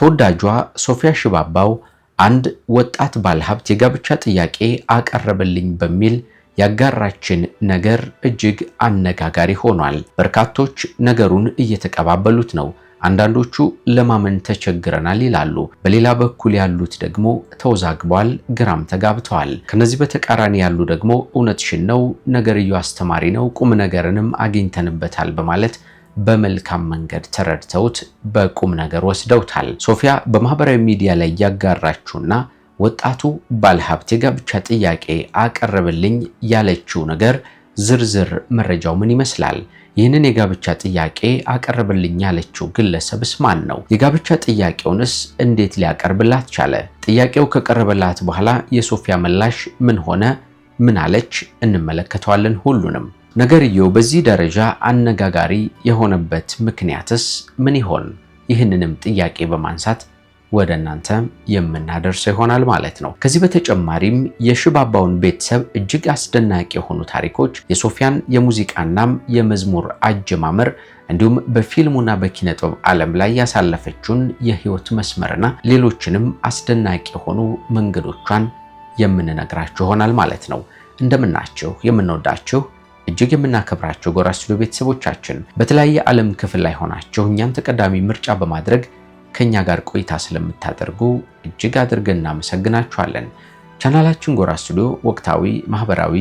ተወዳጇ ሶፊያ ሽባባው አንድ ወጣት ባለሀብት የጋብቻ ጥያቄ አቀረበልኝ በሚል ያጋራችን ነገር እጅግ አነጋጋሪ ሆኗል። በርካቶች ነገሩን እየተቀባበሉት ነው። አንዳንዶቹ ለማመን ተቸግረናል ይላሉ። በሌላ በኩል ያሉት ደግሞ ተወዛግቧል፣ ግራም ተጋብተዋል። ከነዚህ በተቃራኒ ያሉ ደግሞ እውነትሽን ነው፣ ነገርየው አስተማሪ ነው፣ ቁም ነገርንም አግኝተንበታል በማለት በመልካም መንገድ ተረድተውት በቁም ነገር ወስደውታል። ሶፊያ በማህበራዊ ሚዲያ ላይ ያጋራችውና ወጣቱ ባለሀብት የጋብቻ ጥያቄ አቀረብልኝ ያለችው ነገር ዝርዝር መረጃው ምን ይመስላል? ይህንን የጋብቻ ጥያቄ አቀረብልኝ ያለችው ግለሰብስ ማን ነው? የጋብቻ ጥያቄውንስ እንዴት ሊያቀርብላት ቻለ? ጥያቄው ከቀረበላት በኋላ የሶፊያ ምላሽ ምን ሆነ? ምን አለች? እንመለከተዋለን ሁሉንም ነገርየው በዚህ ደረጃ አነጋጋሪ የሆነበት ምክንያትስ ምን ይሆን? ይህንንም ጥያቄ በማንሳት ወደ እናንተ የምናደርሰው ይሆናል ማለት ነው። ከዚህ በተጨማሪም የሽባባውን ቤተሰብ እጅግ አስደናቂ የሆኑ ታሪኮች፣ የሶፊያን የሙዚቃናም የመዝሙር አጀማመር እንዲሁም በፊልሙና በኪነጦብ ዓለም ላይ ያሳለፈችውን የህይወት መስመርና ሌሎችንም አስደናቂ የሆኑ መንገዶቿን የምንነግራችሁ ይሆናል ማለት ነው። እንደምናችሁ የምንወዳችሁ እጅግ የምናከብራቸው ጎራ ስቱዲዮ ቤተሰቦቻችን በተለያየ ዓለም ክፍል ላይ ሆናችሁ እኛን ተቀዳሚ ምርጫ በማድረግ ከኛ ጋር ቆይታ ስለምታደርጉ እጅግ አድርገን እናመሰግናችኋለን። ቻናላችን ጎራ ስቱዲዮ ወቅታዊ፣ ማህበራዊ፣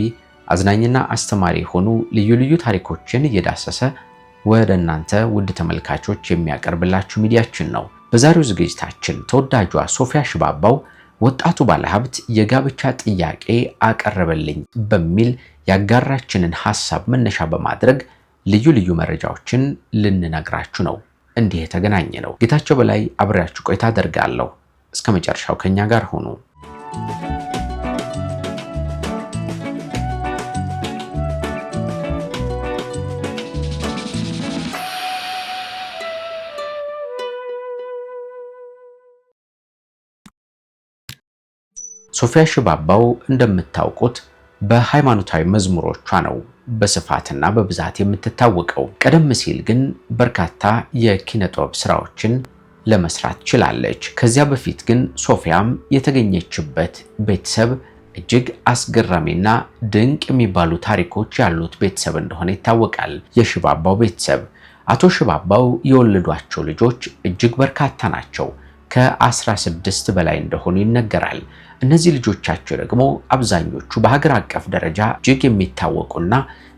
አዝናኝና አስተማሪ የሆኑ ልዩ ልዩ ታሪኮችን እየዳሰሰ ወደ እናንተ ውድ ተመልካቾች የሚያቀርብላችሁ ሚዲያችን ነው። በዛሬው ዝግጅታችን ተወዳጇ ሶፊያ ሽባባው ወጣቱ ባለሀብት የጋብቻ ጥያቄ አቀረበልኝ በሚል ያጋራችንን ሀሳብ መነሻ በማድረግ ልዩ ልዩ መረጃዎችን ልንነግራችሁ ነው። እንዲህ የተገናኘ ነው። ጌታቸው በላይ አብሬያችሁ ቆይታ አደርጋለሁ። እስከ መጨረሻው ከኛ ጋር ሆኑ። ሶፊያ ሽባባው እንደምታውቁት በሃይማኖታዊ መዝሙሮቿ ነው በስፋትና በብዛት የምትታወቀው። ቀደም ሲል ግን በርካታ የኪነ ስራዎችን ለመስራት ችላለች። ከዚያ በፊት ግን ሶፊያም የተገኘችበት ቤተሰብ እጅግ አስገራሚና ድንቅ የሚባሉ ታሪኮች ያሉት ቤተሰብ እንደሆነ ይታወቃል። የሽባባው ቤተሰብ አቶ ሽባባው የወለዷቸው ልጆች እጅግ በርካታ ናቸው። ከ16 በላይ እንደሆኑ ይነገራል። እነዚህ ልጆቻቸው ደግሞ አብዛኞቹ በሀገር አቀፍ ደረጃ እጅግ የሚታወቁና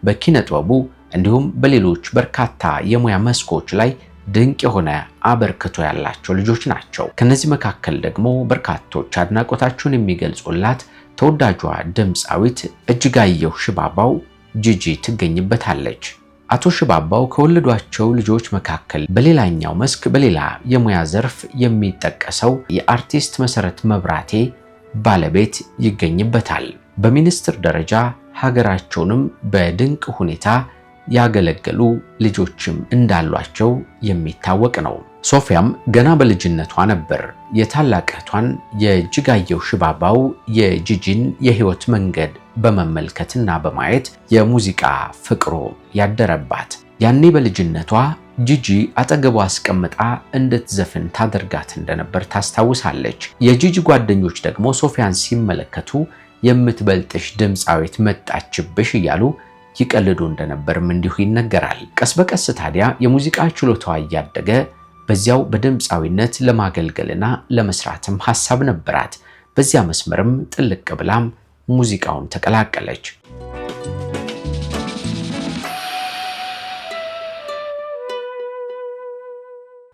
በኪነ ጥበቡ እንዲሁም በሌሎች በርካታ የሙያ መስኮች ላይ ድንቅ የሆነ አበርክቶ ያላቸው ልጆች ናቸው። ከነዚህ መካከል ደግሞ በርካቶች አድናቆታቸውን የሚገልጹላት ተወዳጇ ድምፃዊት እጅጋየሁ ሽባባው ጂጂ ትገኝበታለች። አቶ ሽባባው ከወለዷቸው ልጆች መካከል በሌላኛው መስክ በሌላ የሙያ ዘርፍ የሚጠቀሰው የአርቲስት መሰረት መብራቴ ባለቤት ይገኝበታል። በሚኒስትር ደረጃ ሀገራቸውንም በድንቅ ሁኔታ ያገለገሉ ልጆችም እንዳሏቸው የሚታወቅ ነው። ሶፊያም ገና በልጅነቷ ነበር የታላቅ እህቷን የእጅጋየሁ ሽባባው የጂጂን የህይወት መንገድ በመመልከትና በማየት የሙዚቃ ፍቅሮ ያደረባት። ያኔ በልጅነቷ ጂጂ አጠገቧ አስቀምጣ እንድትዘፍን ታደርጋት እንደነበር ታስታውሳለች። የጂጂ ጓደኞች ደግሞ ሶፊያን ሲመለከቱ የምትበልጥሽ ድምፃዊት መጣችብሽ እያሉ ይቀልዱ እንደነበርም እንዲሁ ይነገራል። ቀስ በቀስ ታዲያ የሙዚቃ ችሎታዋ እያደገ በዚያው በድምፃዊነት ለማገልገልና ለመስራትም ሐሳብ ነበራት። በዚያ መስመርም ጥልቅ ብላም ሙዚቃውን ተቀላቀለች።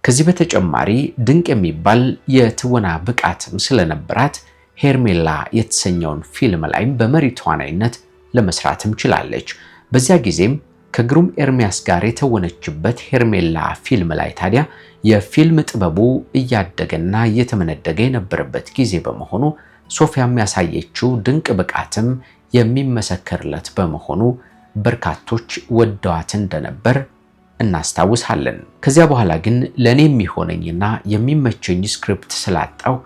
ከዚህ በተጨማሪ ድንቅ የሚባል የትወና ብቃትም ስለነበራት ሄርሜላ የተሰኘውን ፊልም ላይም በመሪ ተዋናይነት ለመስራትም ችላለች። በዚያ ጊዜም ከግሩም ኤርሚያስ ጋር የተወነችበት ሄርሜላ ፊልም ላይ ታዲያ የፊልም ጥበቡ እያደገና እየተመነደገ የነበረበት ጊዜ በመሆኑ ሶፊያም ያሳየችው ድንቅ ብቃትም የሚመሰከርለት በመሆኑ በርካቶች ወደዋት እንደነበር እናስታውሳለን። ከዚያ በኋላ ግን ለእኔ የሚሆነኝና የሚመቸኝ ስክሪፕት ስላጣው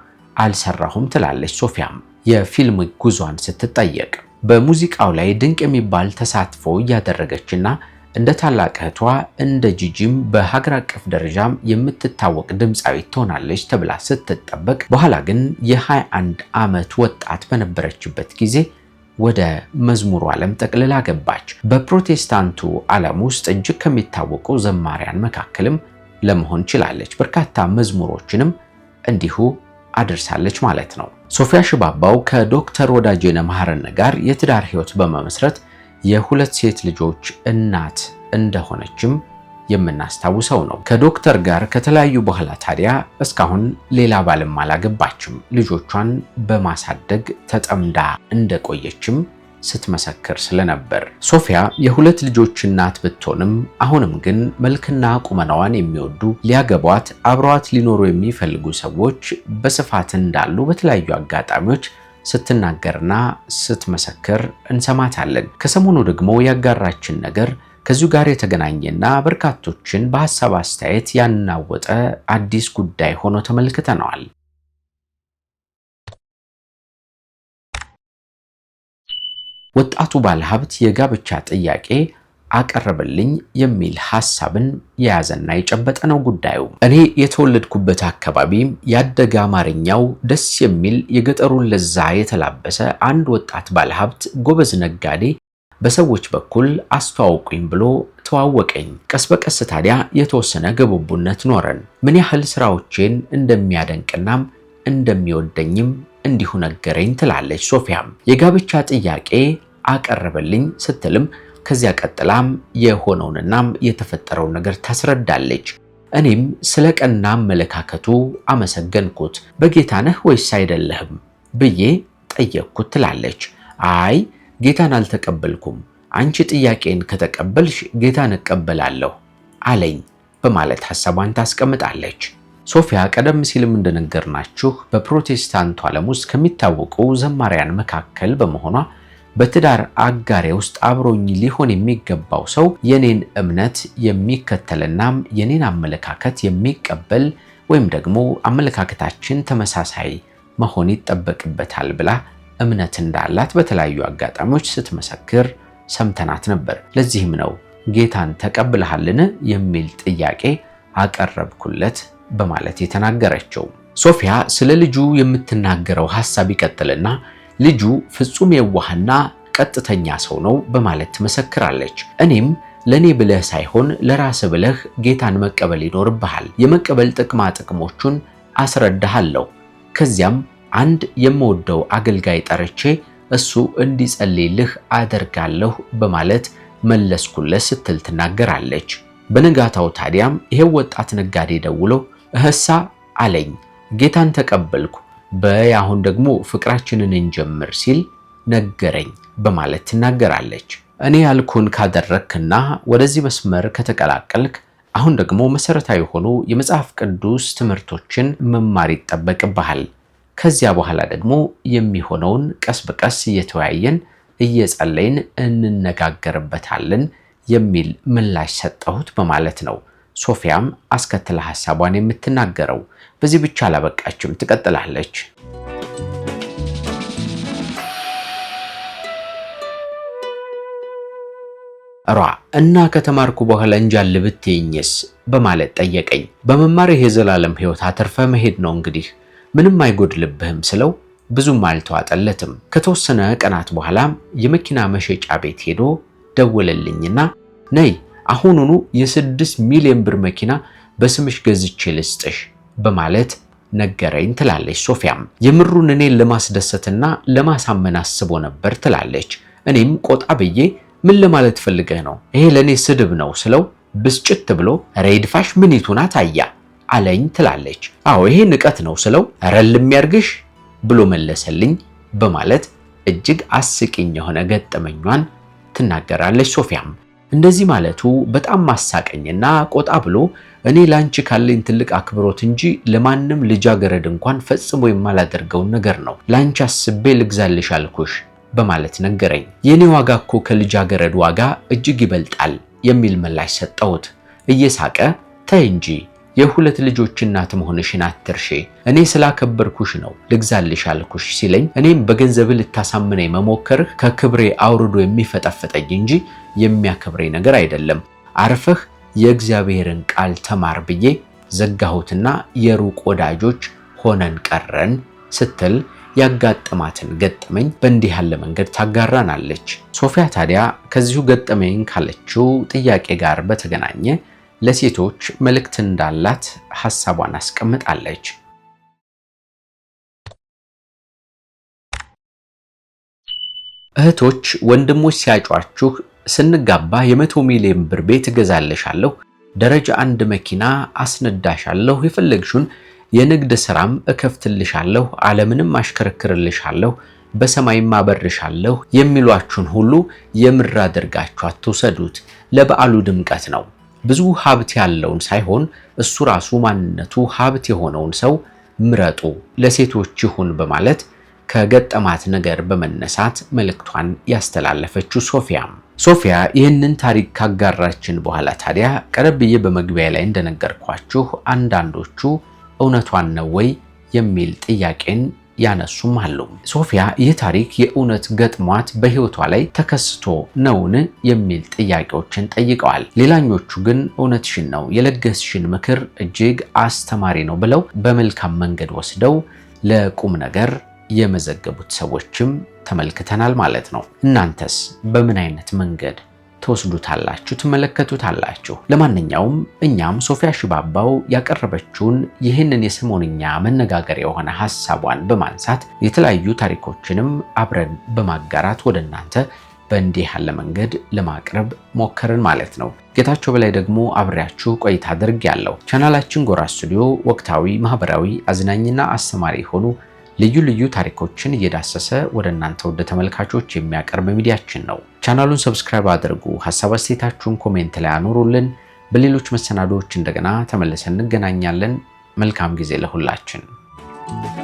አልሰራሁም ትላለች ሶፊያም የፊልም ጉዟን ስትጠየቅ በሙዚቃው ላይ ድንቅ የሚባል ተሳትፎ እያደረገችና እንደ ታላቅ እህቷ እንደ ጂጂም በሀገር አቀፍ ደረጃም የምትታወቅ ድምፃዊት ትሆናለች ተብላ ስትጠበቅ በኋላ ግን የ21 ዓመት ወጣት በነበረችበት ጊዜ ወደ መዝሙሩ ዓለም ጠቅልላ ገባች። በፕሮቴስታንቱ ዓለም ውስጥ እጅግ ከሚታወቁ ዘማሪያን መካከልም ለመሆን ችላለች። በርካታ መዝሙሮችንም እንዲሁ አድርሳለች ማለት ነው። ሶፊያ ሽባባው ከዶክተር ወዳጄነ መሐረነ ጋር የትዳር ህይወት በመመስረት የሁለት ሴት ልጆች እናት እንደሆነችም የምናስታውሰው ነው። ከዶክተር ጋር ከተለያዩ በኋላ ታዲያ እስካሁን ሌላ ባልም አላገባችም። ልጆቿን በማሳደግ ተጠምዳ እንደቆየችም ስትመሰክር ስለነበር። ሶፊያ የሁለት ልጆች እናት ብትሆንም አሁንም ግን መልክና ቁመናዋን የሚወዱ ሊያገቧት፣ አብረዋት ሊኖሩ የሚፈልጉ ሰዎች በስፋት እንዳሉ በተለያዩ አጋጣሚዎች ስትናገርና ስትመሰክር እንሰማታለን። ከሰሞኑ ደግሞ ያጋራችን ነገር ከዚሁ ጋር የተገናኘና በርካቶችን በሀሳብ አስተያየት ያናወጠ አዲስ ጉዳይ ሆኖ ተመልክተነዋል። ወጣቱ ባለሀብት የጋብቻ ጥያቄ አቀረበልኝ የሚል ሐሳብን የያዘና የጨበጠ ነው ጉዳዩ። እኔ የተወለድኩበት አካባቢም ያደገ አማርኛው ደስ የሚል የገጠሩን ለዛ የተላበሰ አንድ ወጣት ባለሀብት ጎበዝ ነጋዴ በሰዎች በኩል አስተዋውቁኝ ብሎ ተዋወቀኝ። ቀስ በቀስ ታዲያ የተወሰነ ግቡቡነት ኖረን ምን ያህል ስራዎቼን እንደሚያደንቅናም እንደሚወደኝም እንዲሁ ነገረኝ ትላለች ሶፊያም። የጋብቻ ጥያቄ አቀረበልኝ ስትልም ከዚያ ቀጥላም የሆነውንናም የተፈጠረውን ነገር ታስረዳለች። እኔም ስለ ቀና አመለካከቱ አመሰገንኩት። በጌታ ነህ ወይስ አይደለህም ብዬ ጠየቅኩት ትላለች። አይ ጌታን አልተቀበልኩም፣ አንቺ ጥያቄን ከተቀበልሽ ጌታን እቀበላለሁ አለኝ በማለት ሐሳቧን ታስቀምጣለች። ሶፊያ ቀደም ሲልም እንደነገርናችሁ በፕሮቴስታንቱ ዓለም ውስጥ ከሚታወቁ ዘማሪያን መካከል በመሆኗ በትዳር አጋሬ ውስጥ አብሮኝ ሊሆን የሚገባው ሰው የኔን እምነት የሚከተልና የኔን አመለካከት የሚቀበል ወይም ደግሞ አመለካከታችን ተመሳሳይ መሆን ይጠበቅበታል ብላ እምነት እንዳላት በተለያዩ አጋጣሚዎች ስትመሰክር ሰምተናት ነበር። ለዚህም ነው ጌታን ተቀብለሃልን የሚል ጥያቄ አቀረብኩለት በማለት የተናገረችው። ሶፊያ ስለ ልጁ የምትናገረው ሐሳብ ይቀጥልና ልጁ ፍጹም የዋህና ቀጥተኛ ሰው ነው በማለት ትመሰክራለች። እኔም ለኔ ብለህ ሳይሆን ለራስ ብለህ ጌታን መቀበል ይኖርብሃል። የመቀበል ጥቅማ ጥቅሞቹን አስረዳሃለሁ። ከዚያም አንድ የምወደው አገልጋይ ጠርቼ እሱ እንዲጸልይልህ አደርጋለሁ በማለት መለስኩለት ስትል ትናገራለች። በነጋታው ታዲያም ይሄው ወጣት ነጋዴ ደውሎ እህሳ አለኝ ጌታን ተቀበልኩ በይ አሁን ደግሞ ፍቅራችንን እንጀምር ሲል ነገረኝ በማለት ትናገራለች። እኔ ያልኩን ካደረክና ወደዚህ መስመር ከተቀላቀልክ አሁን ደግሞ መሰረታዊ የሆኑ የመጽሐፍ ቅዱስ ትምህርቶችን መማር ይጠበቅብሃል። ከዚያ በኋላ ደግሞ የሚሆነውን ቀስ በቀስ እየተወያየን እየጸለይን እንነጋገርበታለን የሚል ምላሽ ሰጠሁት በማለት ነው ሶፊያም አስከትላ ሀሳቧን የምትናገረው። በዚህ ብቻ አላበቃችም፣ ትቀጥላለች። ሯ እና ከተማርኩ በኋላ እንጃል ብትይኝስ በማለት ጠየቀኝ። በመማርህ የዘላለም ህይወት አትርፈ መሄድ ነው እንግዲህ ምንም አይጎድልብህም ስለው ብዙም አልተዋጠለትም። ከተወሰነ ቀናት በኋላም የመኪና መሸጫ ቤት ሄዶ ደወለልኝና ነይ አሁኑኑ የስድስት ሚሊዮን ብር መኪና በስምሽ ገዝቼ ልስጥሽ በማለት ነገረኝ ትላለች። ሶፊያም የምሩን እኔን ለማስደሰትና ለማሳመን አስቦ ነበር ትላለች። እኔም ቆጣ ብዬ ምን ለማለት ፈልገህ ነው? ይሄ ለእኔ ስድብ ነው ስለው ብስጭት ብሎ ሬድፋሽ ምኒቱና ታያ አለኝ ትላለች። አዎ ይሄ ንቀት ነው ስለው ረል የሚያርግሽ ብሎ መለሰልኝ በማለት እጅግ አስቂኝ የሆነ ገጠመኟን ትናገራለች ሶፊያም እንደዚህ ማለቱ በጣም ማሳቀኝና ቆጣ ብሎ እኔ ላንቺ ካለኝ ትልቅ አክብሮት እንጂ ለማንም ልጃገረድ እንኳን ፈጽሞ የማላደርገውን ነገር ነው ላንቺ አስቤ ልግዛልሽ አልኩሽ በማለት ነገረኝ። የእኔ ዋጋ እኮ ከልጃገረድ ዋጋ እጅግ ይበልጣል የሚል ምላሽ ሰጠሁት። እየሳቀ ተይ እንጂ የሁለት ልጆች እናት መሆንሽን አትርሺ፣ እኔ ስላከበርኩሽ ነው ልግዛልሽ አልኩሽ ሲለኝ እኔም በገንዘብ ልታሳምነኝ መሞከርህ ከክብሬ አውርዶ የሚፈጠፍጠኝ እንጂ የሚያከብረኝ ነገር አይደለም። አርፈህ የእግዚአብሔርን ቃል ተማር ብዬ ዘጋሁትና የሩቅ ወዳጆች ሆነን ቀረን ስትል ያጋጠማትን ገጠመኝ በእንዲህ ያለ መንገድ ታጋራናለች። ሶፊያ ታዲያ ከዚሁ ገጠመኝ ካለችው ጥያቄ ጋር በተገናኘ ለሴቶች መልእክት እንዳላት ሐሳቧን አስቀምጣለች። እህቶች፣ ወንድሞች ሲያጯችሁ ስንጋባ የመቶ ሚሊዮን ብር ቤት እገዛለሻለሁ፣ ደረጃ አንድ መኪና አስነዳሻለሁ፣ የፈለግሽውን የንግድ ስራም እከፍትልሻለሁ፣ ዓለምንም አሽከረክርልሻለሁ፣ በሰማይም አበርሻለሁ የሚሏችሁን ሁሉ የምር አድርጋችሁ አትውሰዱት። ለበዓሉ ድምቀት ነው። ብዙ ሀብት ያለውን ሳይሆን እሱ ራሱ ማንነቱ ሀብት የሆነውን ሰው ምረጡ። ለሴቶች ይሁን በማለት ከገጠማት ነገር በመነሳት መልእክቷን ያስተላለፈችው ሶፊያም ሶፊያ ይህንን ታሪክ ካጋራችን በኋላ ታዲያ ቀረብ ብዬ በመግቢያ ላይ እንደነገርኳችሁ አንዳንዶቹ እውነቷን ነው ወይ የሚል ጥያቄን ያነሱም አሉ። ሶፊያ ይህ ታሪክ የእውነት ገጥሟት በህይወቷ ላይ ተከስቶ ነውን የሚል ጥያቄዎችን ጠይቀዋል። ሌላኞቹ ግን እውነትሽን ነው፣ የለገስሽን ምክር እጅግ አስተማሪ ነው ብለው በመልካም መንገድ ወስደው ለቁም ነገር የመዘገቡት ሰዎችም ተመልክተናል ማለት ነው። እናንተስ በምን አይነት መንገድ ትወስዱታላችሁ? ትመለከቱታላችሁ? ለማንኛውም እኛም ሶፊያ ሽባባው ያቀረበችውን ይህንን የሰሞንኛ መነጋገር የሆነ ሀሳቧን በማንሳት የተለያዩ ታሪኮችንም አብረን በማጋራት ወደ እናንተ በእንዲህ ያለ መንገድ ለማቅረብ ሞከርን ማለት ነው። ጌታቸው በላይ ደግሞ አብሬያችሁ ቆይታ አድርግ ያለው ቻናላችን ጎራ ስቱዲዮ ወቅታዊ፣ ማህበራዊ፣ አዝናኝና አስተማሪ የሆኑ ልዩ ልዩ ታሪኮችን እየዳሰሰ ወደ እናንተ ወደ ተመልካቾች የሚያቀርብ ሚዲያችን ነው። ቻናሉን ሰብስክራይብ አድርጉ። ሀሳብ አስተያየታችሁን ኮሜንት ላይ አኖሩልን። በሌሎች መሰናዶዎች እንደገና ተመልሰን እንገናኛለን። መልካም ጊዜ ለሁላችን።